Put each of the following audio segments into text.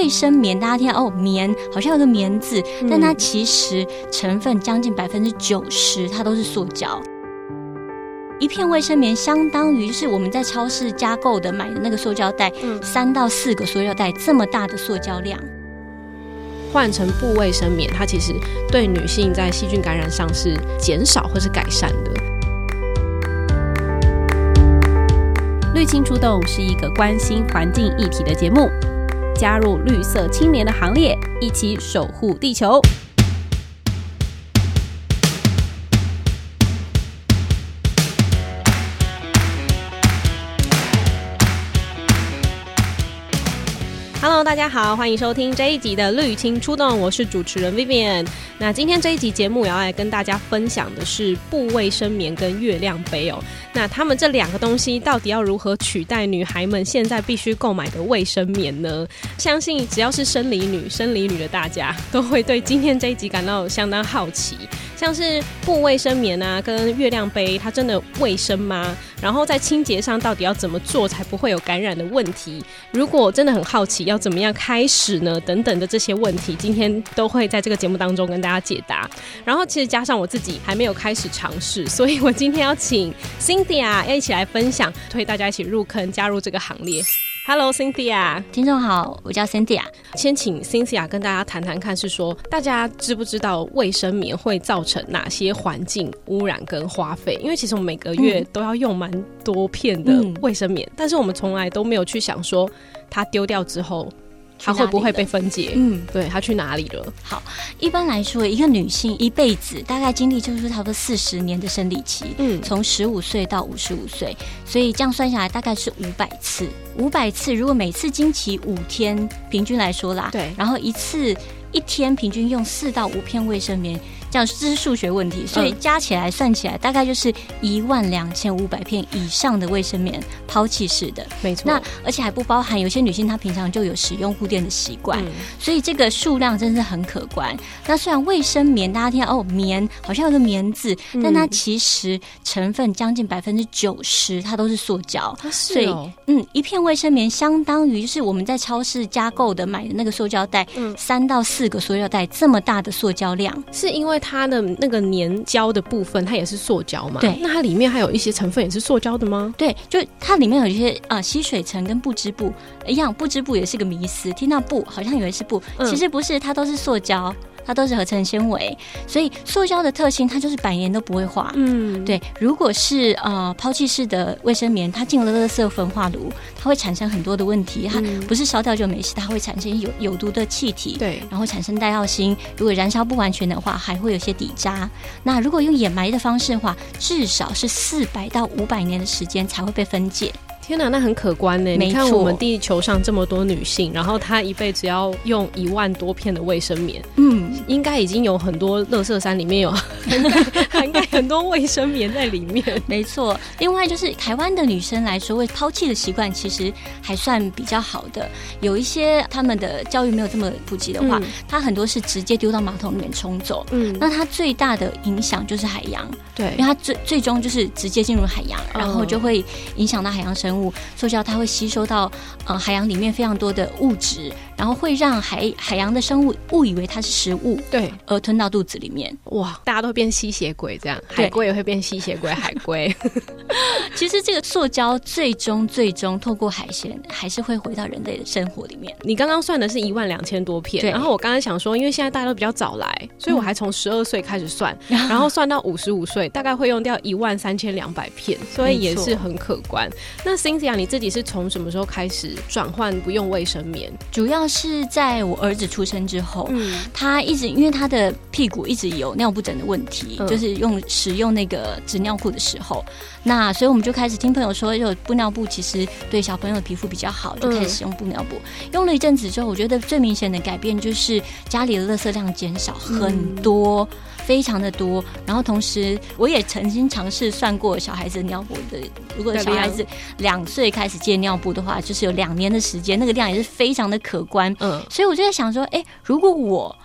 衛生棉，大家聽到哦，棉好像有個棉字，嗯、但它其實成分將近百分之九十，它都是塑膠。一片衛生棉相當於是我們在超市加購的買的那個塑膠袋，三、嗯、到四個塑膠袋這麼大的塑膠量，換成布衛生棉，它其實對女性在細菌感染上是減少或是改善的。綠青倡議是一個關心環境議題的節目。加入綠色青年的行列，一起守護地球。大家好，歡迎收聽這一集的綠青出動，我是主持人 Vivian。那今天這一集節目也要來跟大家分享的是布衛生棉跟月亮杯哦。那他們這兩個東西到底要如何取代女孩們現在必須購買的衛生棉呢？相信只要是生理女、生理女的大家都會對今天這一集感到相當好奇。像是布衛生棉啊，跟月亮杯，它真的衛生嗎？然後在清潔上到底要怎麼做才不會有感染的問題？如果真的很好奇，要怎麼樣開始呢？等等的這些問題，今天都會在這個節目當中跟大家解答。然後其實加上我自己還沒有開始嘗試，所以我今天要請 Cynthia 啊，要一起來分享，推大家一起入坑，加入這個行列。Hello，Cynthia，聽眾好，我叫 Cynthia。先請 Cynthia 跟大家談談看，是說大家知不知道衛生棉會造成哪些環境污染跟花費？因為其實我們每個月都要用蠻多片的衛生棉，嗯、但是我們從來都沒有去想說它丟掉之後。她、啊、會不會被分解？嗯，對，她去哪裡了？好，一般來說，一個女性一輩子大概經歷就是差不多四十年的生理期，嗯，從十五歲到五十五歲，所以這樣算下來大概是五百次。五百次，如果每次經期五天，平均來說啦，對，然後一次一天平均用四到五片衛生棉。這樣，這是數學問題，所以加起來、嗯、算起來大概就是一萬兩千五百片以上的衛生棉拋棄式的，沒錯。那而且還不包含有些女性她平常就有使用護墊的習慣，嗯、所以這個數量真是很可觀。那雖然衛生棉大家聽到哦，棉好像有個棉字，嗯、但它其實成分將近百分之九十它都是塑膠，它是哦。所以嗯，一片衛生棉相當於就是我們在超市加購的買的那個塑膠袋，嗯，三到四個塑膠袋這麼大的塑膠量，是因為。它的那個粘膠的部分，它也是塑膠嘛？對，那它裡面還有一些成分也是塑膠的嗎？對，就它裡面有一些呃吸水層跟不織布一樣，不織布也是個迷思。聽到布好像以為是布，嗯、其實不是，它都是塑膠。它都是合成纖維，所以塑膠的特性，它就是百年都不會化。嗯，對。如果是呃拋棄式的衛生棉，它進了垃圾焚化爐，它會產生很多的問題。嗯、它不是燒掉就沒事，它會產生有有毒的氣體。對，然後產生戴奧辛。如果燃燒不完全的話，還會有些底渣。那如果用掩埋的方式的話，至少是四百到五百年的時間才會被分解。天吶，那很可觀呢！沒錯，你看我們地球上這麼多女性，然後她一輩子要用一萬多片的衛生棉，嗯，應該已經有很多垃圾山裡面有， 涵蓋很多衛生棉在裡面。沒錯，另外就是台灣的女生來說，會拋棄的習慣其實還算比較好的。有一些她們的教育沒有這麼普及的話，嗯、她很多是直接丟到馬桶裡面沖走。嗯，那它最大的影響就是海洋，對，因為它最最終就是直接進入海洋，然後就會影響到海洋生物。嗯塑膠它會吸收到嗯、呃、海洋裡面非常多的物質。然後會讓海海洋的生物誤以為它是食物，對，而吞到肚子裡面。哇，大家都變吸血鬼這樣，對海龜也會變吸血鬼。對海龜， 其實這個塑膠最終最終透過海鮮還是會回到人類的生活裡面。你剛剛算的是一萬兩千多片，對然後我剛剛想說，因為現在大家都比較早來，所以我還從十二歲開始算，嗯、然後算到五十五歲，大概會用掉一萬三千兩百片，所以也是很可觀。錯那 Cynthia 你自己是從什麼時候開始轉換不用衛生棉？主要是是在我兒子出生之後，嗯、他一直因為他的屁股一直有尿布疹的問題，嗯、就是用使用那個紙尿褲的時候，那所以我們就開始聽朋友說，用布尿布其實對小朋友的皮膚比較好，就開始使用布尿布。嗯、用了一陣子之後，我覺得最明顯的改變就是家裡的垃圾量減少很多。嗯非常的多，然後同時我也曾經嘗試算過小孩子尿布的，如果小孩子兩歲開始戒尿布的話，就是有兩年的時間，那個量也是非常的可觀。嗯，所以我就在想說，誒，如果我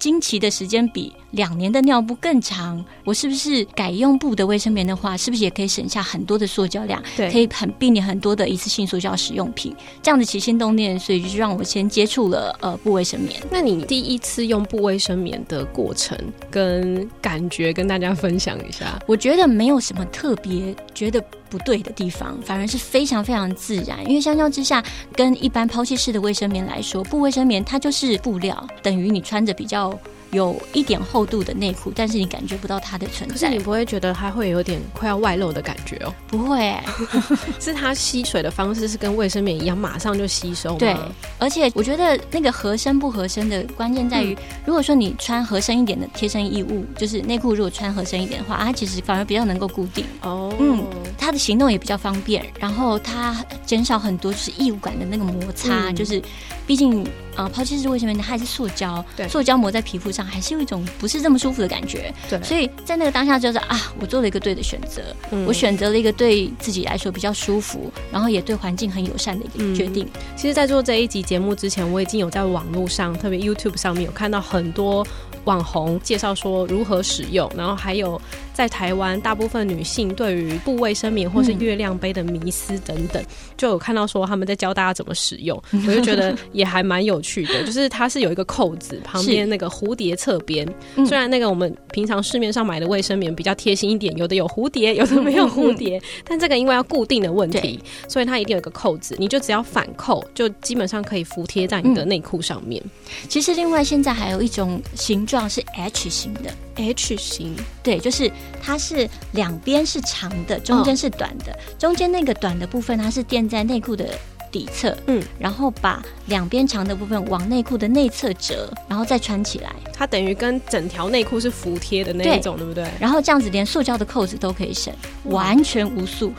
經期的時間比兩年的尿布更長，我是不是改用布的衛生棉的話，是不是也可以省下很多的塑膠量？對，可以很避免很多的一次性塑膠使用品。這樣的起心動念，所以就讓我先接觸了呃布衛生棉。那你第一次用布衛生棉的過程跟感覺，跟大家分享一下。我覺得沒有什麼特別，覺得。不對的地方，反而是非常非常自然，因為相較之下，跟一般拋棄式的衛生棉來說，布衛生棉它就是布料，等於你穿着比較。有一點厚度的內褲，但是你感覺不到它的存在。可是你不會覺得它會有點快要外露的感覺哦、喔？不會、欸， 是它吸水的方式是跟衛生棉一樣，馬上就吸收。對，而且我覺得那個合身不合身的關鍵在於，嗯、如果說你穿合身一點的貼身衣物，就是內褲，如果穿合身一點的話，它其實反而比較能夠固定。哦，嗯，它的行動也比較方便，然後它減少很多就是異物感的那個摩擦，嗯、就是畢竟。啊，拋棄式為什麼呢？它還是塑膠，對塑膠膜在皮膚上還是有一種不是這麼舒服的感覺，對。所以在那個當下就是啊，我做了一個對的選擇，嗯、我選擇了一個對自己來說比較舒服，然後也對環境很友善的一個決定。嗯、其實，在做這一集節目之前，我已經有在網絡上，特別 YouTube 上面有看到很多網紅介紹說如何使用，然後還有。在台灣，大部分女性對於布衛生棉、或是月亮杯的迷思等等，嗯、就有看到說他們在教大家怎麼使用， 我就覺得也還蠻有趣的。就是它是有一個扣子，旁邊那個蝴蝶側邊，嗯、雖然那個我們平常市面上買的衛生棉比較貼心一點，有的有蝴蝶，有的沒有蝴蝶，嗯嗯、但這個因為要固定的問題，對所以它一定有一個扣子，你就只要反扣，就基本上可以服貼在你的內褲上面，嗯。其實另外現在還有一種形狀是 H 型的，H 型，對，就是。它是兩邊是長的，中間是短的。Oh. 中間那個短的部分，它是墊在內褲的。底側，嗯，然後把兩邊長的部分往內褲的內側摺，然後再穿起來。它等於跟整條內褲是服帖的那一種，對，對不對？然後這樣子連塑膠的扣子都可以省，哇完全無塑。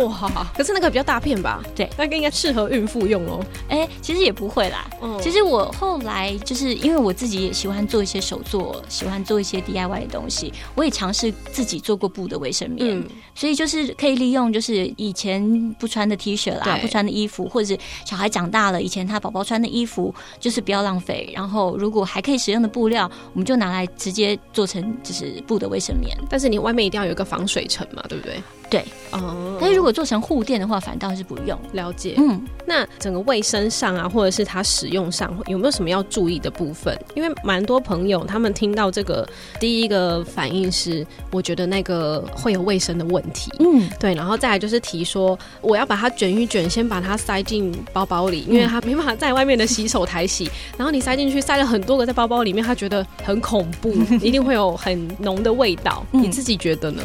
哇！可是那個比較大片吧？對，那個應該適合孕婦用哦。哎、欸，其實也不會啦。嗯，其實我後來就是因為我自己也喜歡做一些手作，喜歡做一些 DIY 的東西，我也嘗試自己做過布的衛生棉，嗯、所以就是可以利用就是以前不穿的 T 恤啦、啊，對不穿的衣服。或者是小孩長大了，以前他寶寶穿的衣服就是不要浪費，然後如果還可以使用的布料，我們就拿來直接做成就是布的衛生棉，但是你外面一定要有一個防水層嘛，對不對？對，哦、嗯，但是如果做成護墊的話，反倒是不用了解。嗯，那整個衛生上啊，或者是它使用上，有沒有什麼要注意的部分？因為蠻多朋友他們聽到這個，第一個反應是，我覺得那個會有衛生的問題。嗯，對，然後再來就是提說，我要把它卷一卷，先把它塞進包包裡，因為它沒辦法在外面的洗手台洗。嗯、然後你塞進去，塞了很多個在包包裡面，他覺得很恐怖， 一定會有很濃的味道。嗯、你自己覺得呢？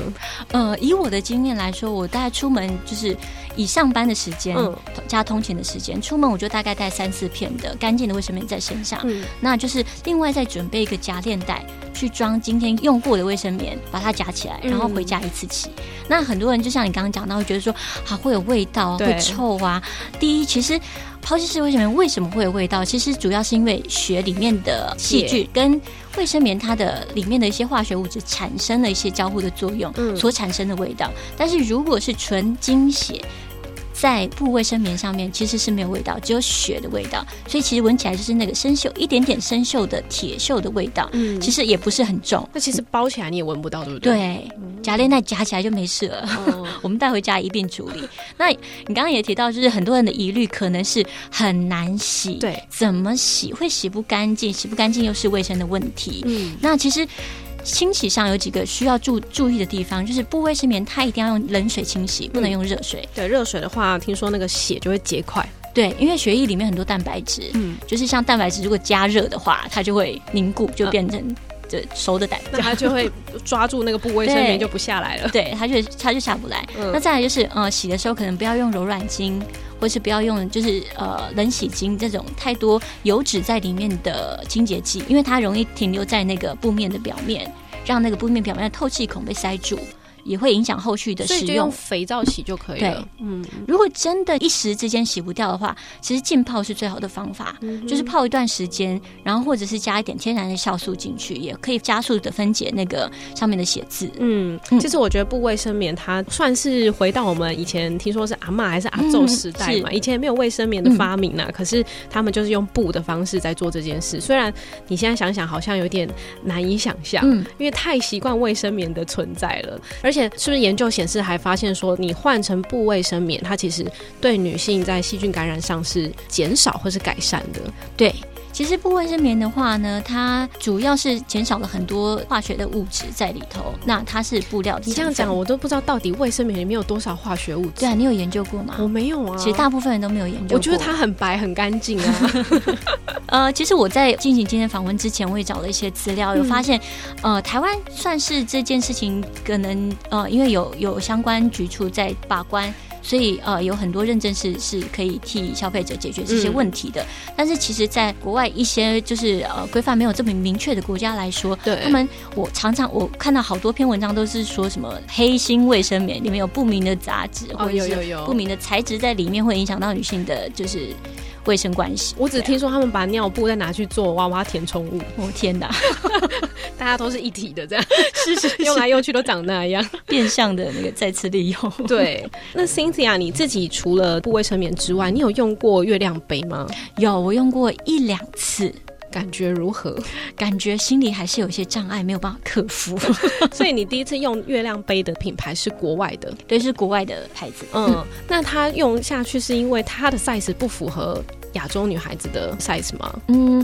呃，以我的經驗。來說，我大概出門就是以上班的時間、嗯、加通勤的時間出門，我就大概帶三四片的乾淨的衛生棉在身上。嗯、那就是另外再準備一個夾鏈袋，去裝今天用過的衛生棉，把它夾起來，然後回家一次洗。嗯、那很多人就像你剛剛講到，會覺得說啊會有味道啊，會臭啊。對第一，其實。拋棄式衛生棉為什麼會有味道？其實主要是因為血裡面的細菌跟衛生棉它的裡面的一些化學物質產生了一些交互的作用，嗯、所產生的味道。但是如果是純經血。在布衛生棉上面其實是沒有味道，只有血的味道，所以其實聞起來就是那個生鏽一點點生鏽的鐵鏽的味道。嗯，其實也不是很重。那其實包起來你也聞不到，對不、嗯、對？對，夾鏈袋夾起來就沒事了。哦、 我們帶回家一併處理。那你剛剛也提到，就是很多人的疑慮可能是很難洗，對？怎麼洗會洗不乾淨？洗不乾淨又是衛生的問題。嗯，那其實。清洗上有幾個需要注注意的地方，就是布衛生棉，它一定要用冷水清洗，不能用熱水，嗯。對，熱水的話，聽說那個血就會結塊。對，因為血液裡面很多蛋白質，嗯，就是像蛋白質，如果加熱的話，它就會凝固，就變成這熟的蛋白，嗯，它就會抓住那個布衛生棉就不下來了。對，它就它就下不來。嗯，那再來就是，嗯，洗的時候可能不要用柔軟精，或是不要用，就是呃，冷洗精這種太多油脂在裡面的清潔劑，因為它容易停留在那個布面的表面，讓那個布面表面的透氣孔被塞住。也會影響後續的使用，就用肥皂洗就可以了。對嗯，如果真的一時之間洗不掉的話，其實浸泡是最好的方法，嗯、哼就是泡一段時間，然後或者是加一點天然的酵素進去，也可以加速的分解那個上面的血漬。嗯，其實我覺得布衛生棉它算是回到我們以前聽說是阿嬤還是阿祖時代嘛，嗯、以前沒有衛生棉的發明呢、啊，嗯、可是他們就是用布的方式在做這件事。雖然你現在想想好像有點難以想象，嗯、因為太習慣衛生棉的存在了，而而且是不是研究顯示還發現說，你換成布衛生棉，它其實對女性在細菌感染上是減少或是改善的？對。其實布衛生棉的話呢，它主要是減少了很多化學的物質在裡頭。那它是布料的。你這樣講我都不知道到底衛生棉裡面有多少化學物質。對啊，你有研究過嗎？我沒有啊。其實大部分人都沒有研究過。我覺得它很白，很乾淨啊。 呃，其實我在進行今天訪問之前，我也找了一些資料，嗯、有發現，呃，台灣算是這件事情可能呃，因為有有相關局處在把關。所以，呃，有很多認證是是可以替消費者解決這些問題的。嗯、但是，其實，在國外一些就是呃規範沒有這麼明確的國家來說，對他們，我常常我看到好多篇文章都是說什麼黑心衛生棉，裡面有不明的雜質、哦、或者是不明的材質在裡面，會影響到女性的，就是衛生關係。我只聽說他們把尿布再拿去做娃娃填充物。我、哦、天哪！ 大家都是一體的，這樣 是是，是用來用去都長那樣， 變相的那個再次利用。對，那 Cynthia，你自己除了布衛生棉之外，你有用過月亮杯嗎？有，我用過一兩次。感覺如何？感覺心裡還是有一些障礙，沒有辦法克服。 所以你第一次用月亮杯的品牌是國外的？對，是國外的牌子。嗯，嗯，那它用下去是因為它的 size 不符合亞洲女孩子的 size 嗎？嗯。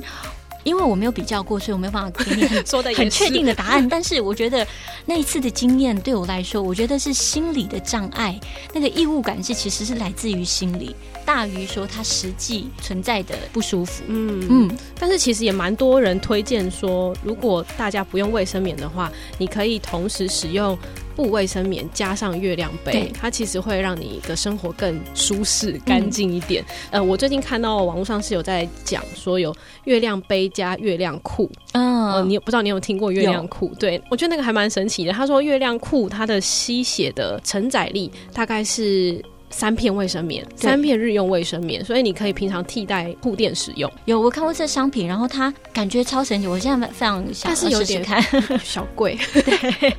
因為我沒有比較過，所以我沒有辦法給你很確 也定的答案。 但是我覺得那一次的經驗對我來說，我覺得是心理的障礙，那個異物感是其實是來自於心理，大於說它實際存在的不舒服。嗯嗯，嗯但是其實也蠻多人推薦說，如果大家不用衛生棉的話，你可以同時使用。布衛生棉加上月亮杯，對它其實會讓你的生活更舒適、嗯、乾淨一點。呃，我最近看到網絡上是有在講說有月亮杯加月亮褲，嗯，呃、你有不知道你有聽過月亮褲？有對我覺得那個還蠻神奇的。他說月亮褲它的吸血的承載力大概是三片衛生棉，對三片日用衛生棉，所以你可以平常替代護墊使用。有，我看過這商品，然後它感覺超神奇，我現在非常想試試看，但是有點。 小貴，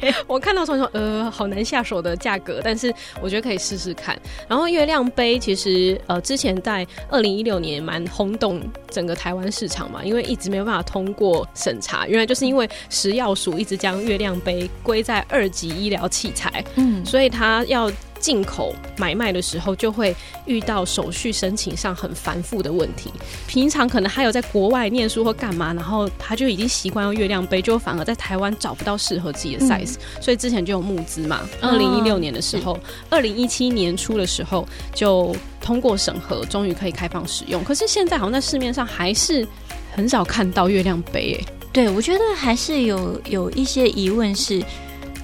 對， 我看到說說，呃，好難下手的價格，但是我覺得可以試試看。然後月亮杯其實，呃，之前在二零一六年蠻轟動整個台灣市場嘛，因為一直沒有辦法通過審查，原來就是因為食藥署一直將月亮杯歸在二級醫療器材，嗯，所以它要。進口買賣的時候就會遇到手續申請上很繁複的問題。平常可能還有在國外念書或幹嘛，然後他就已經習慣用月亮杯，就反而在台灣找不到適合自己的 size，嗯，所以之前就有募資嘛。二零一六年的時候，二零一七年初的時候就通過審核，終於可以開放使用。可是現在好像在市面上還是很少看到月亮杯誒、欸。對，我覺得還是有有一些疑問是。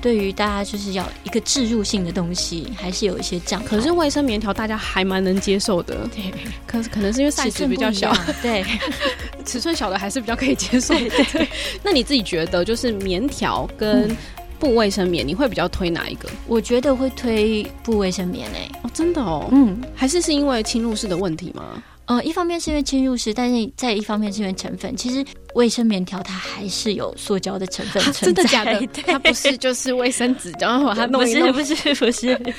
對於大家就是要一個置入性的東西，還是有一些障礙。可是衛生棉條大家還蠻能接受的，對。可是可能是因為尺寸比較小，呃啊、對， 尺寸小的還是比較可以接受的。對對對 那你自己覺得，就是棉條跟布衛生棉，嗯、你會比較推哪一個？我覺得會推布衛生棉誒、欸。哦，真的哦，嗯，還是是因為侵入式的問題嗎？呃，一方面是因為侵入式，但是在一方面是因為成分。其實衛生棉條它還是有塑膠的成分存在，啊。真的假的？它不是就是衛生紙，然後把它弄濕？不是不是不是，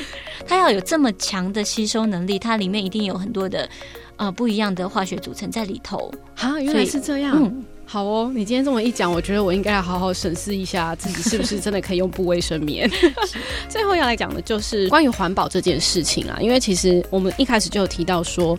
它要有這麼強的吸收能力，它裡面一定有很多的、呃、不一樣的化學組成在裡頭。哈、啊，原來是這樣。嗯、好哦，你今天這麼一講，我覺得我應該要好好審視一下自己是不是真的可以用布衛生棉。 是最後要來講的就是關於環保這件事情啊，因為其實我們一開始就有提到說。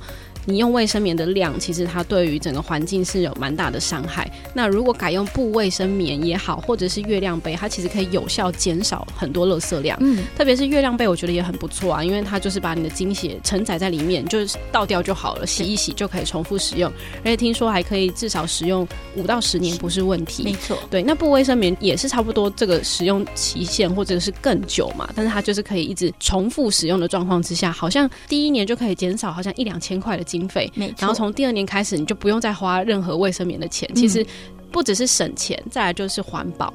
你用衛生棉的量，其實它對於整個環境是有蠻大的傷害。那如果改用布衛生棉也好，或者是月亮杯，它其實可以有效減少很多垃圾量。嗯，特別是月亮杯，我覺得也很不錯啊，因為它就是把你的經血承載在裡面，就是倒掉就好了，洗一洗就可以重複使用。對而且聽說還可以至少使用五到十年，不是問題。沒錯，對，那布衛生棉也是差不多這個使用期限，或者是更久嘛。但是它就是可以一直重複使用的狀況之下，好像第一年就可以減少好像一兩千塊的經經費，然後從第二年開始，你就不用再花任何衛生棉的錢。其實不只是省錢，再來就是環保。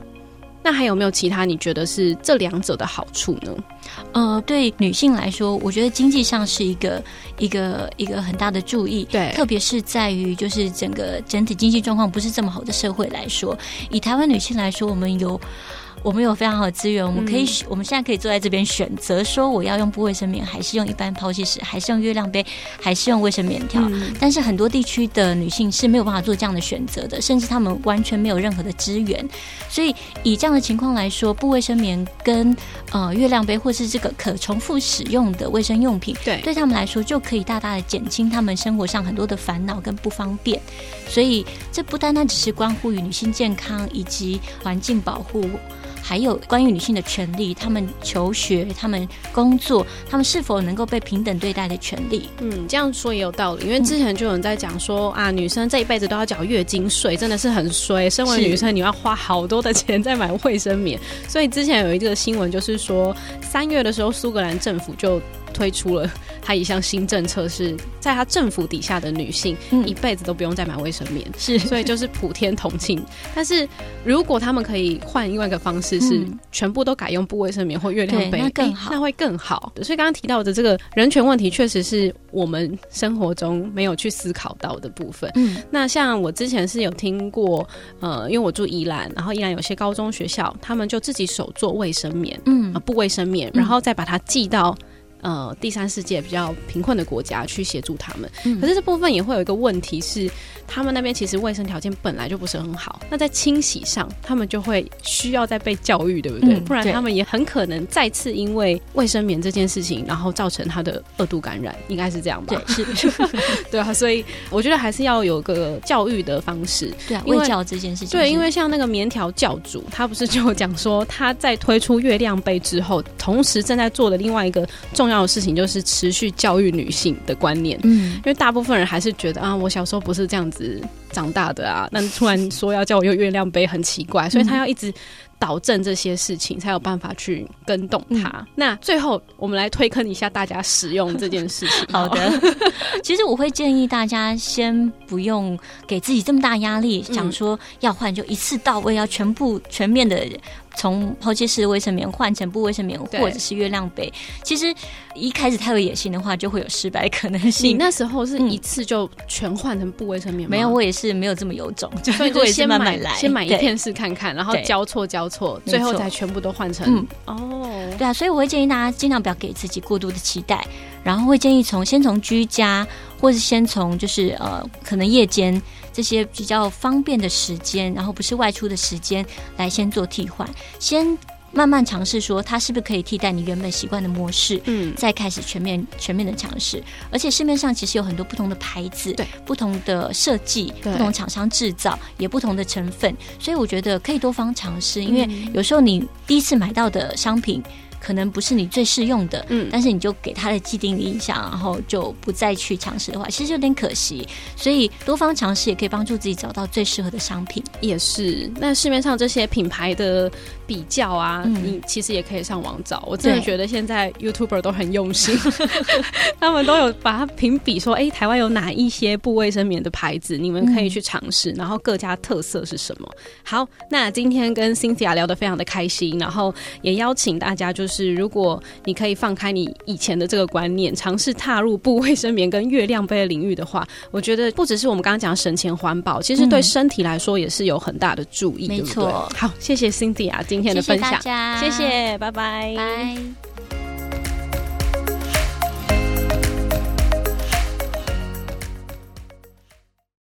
那還有沒有其他你覺得是這兩者的好處呢？呃，對女性來說，我覺得經濟上是一個一個一個很大的注意，對，特別是在於就是整個整體經濟狀況不是這麼好的社會來說，以台灣女性來說，我們有。我們有非常好的資源，我們可以、嗯、我們現在可以坐在這邊選擇說，我要用布衛生棉，還是用一般拋棄式，還是用月亮杯，還是用衛生棉條。嗯、但是很多地區的女性是沒有辦法做這樣的選擇的，甚至她們完全沒有任何的資源。所以以這樣的情況來說，布衛生棉跟呃月亮杯，或是這個可重複使用的衛生用品，對，對他們來說，就可以大大的減輕他們生活上很多的煩惱跟不方便。所以這不單單只是關乎於女性健康以及環境保護，還有關於女性的權利，她們求學、她們工作、她們是否能夠被平等對待的權利。嗯，這樣說也有道理，因為之前就有人在講說、嗯、啊，女生這一輩子都要繳月經稅，真的是很衰。身為女生，是你要花好多的錢在買衛生棉。 所以之前有一個新聞，就是說三月的時候，蘇格蘭政府就。推出了他一項新政策，是在他政府底下的女性一輩子都不用再買衛生棉，是、嗯，所以就是普天同慶。是，但是如果他們可以換另外一個方式，是全部都改用布衛生棉或月亮杯，嗯、那更好、欸，那會更好。所以剛剛提到的這個人權問題，確實是我們生活中沒有去思考到的部分。嗯，那像我之前是有聽過，呃，因為我住宜蘭，然後宜蘭有些高中學校，他們就自己手做衛生棉，嗯，啊、布衛生棉，然後再把它寄到。呃，第三世界比較貧困的國家去協助他們，嗯、可是這部分也會有一個問題是，他們那邊其實衛生條件本來就不是很好，那在清洗上，他們就會需要再被教育，對不對？嗯、不然他們也很可能再次因為衛生棉這件事情，然後造成他的二度感染，應該是這樣吧？對，是， 對啊，所以我覺得還是要有個教育的方式，對啊，衛教這件事情，對，因為像那個棉條教主，他不是就講說他在推出月亮杯之後，同時正在做的另外一個重。重要的事情就是持續教育女性的觀念，嗯，因為大部分人還是覺得啊，我小時候不是這樣子長大的啊，那突然說要叫我用月亮杯很奇怪，所以他要一直。導正這些事情，才有辦法去跟動它。嗯、那最後，我們來推坑一下大家使用這件事情。 好的，其實我會建議大家先不用給自己這麼大壓力，嗯、想說要換就一次到位，要全部全面的從拋棄式衛生棉換成布衛生棉，對或者是月亮杯。其實一開始太有野心的話，就會有失敗可能性。你那時候是一次就全換成布衛生棉嗎、嗯？沒有，我也是沒有這麼有種，就所以就先買來，先買，對先買一片試看看，然後交錯交錯。錯，最後再全部都換成嗯哦，對啊，所以我會建議大家盡量不要給自己過度的期待，然後會建議從先從居家，或是先從就是呃可能夜間這些比較方便的時間，然後不是外出的時間來先做替換，先。慢慢嘗試說它是不是可以替代你原本習慣的模式，嗯，再開始全面全面的嘗試。而且市面上其實有很多不同的牌子，對不同的設計，對不同廠商制造，也不同的成分，所以我覺得可以多方嘗試。因為有時候你第一次買到的商品。可能不是你最適用的，嗯，但是你就給他的既定印象，然後就不再去嘗試的話，其實有點可惜。所以多方嘗試也可以幫助自己找到最適合的商品。也是。那市面上這些品牌的比較啊，嗯、你其實也可以上網找。我真的覺得現在 YouTuber 都很用心，對 他們都有把它評比說，哎、欸，台灣有哪一些布衛生棉的牌子，你們可以去嘗試，嗯、然後各家特色是什麼。好，那今天跟 Cynthia 聊得非常的開心，然後也邀請大家就是。是，如果你可以放開你以前的這個觀念，嘗試踏入布衛生棉跟月亮杯的領域的話，我覺得不只是我們剛剛講省錢環保，其實對身體來說也是有很大的注意，嗯、對對沒錯。好，謝謝 Cynthia 啊，今天的分享，謝謝，謝謝，拜拜，拜。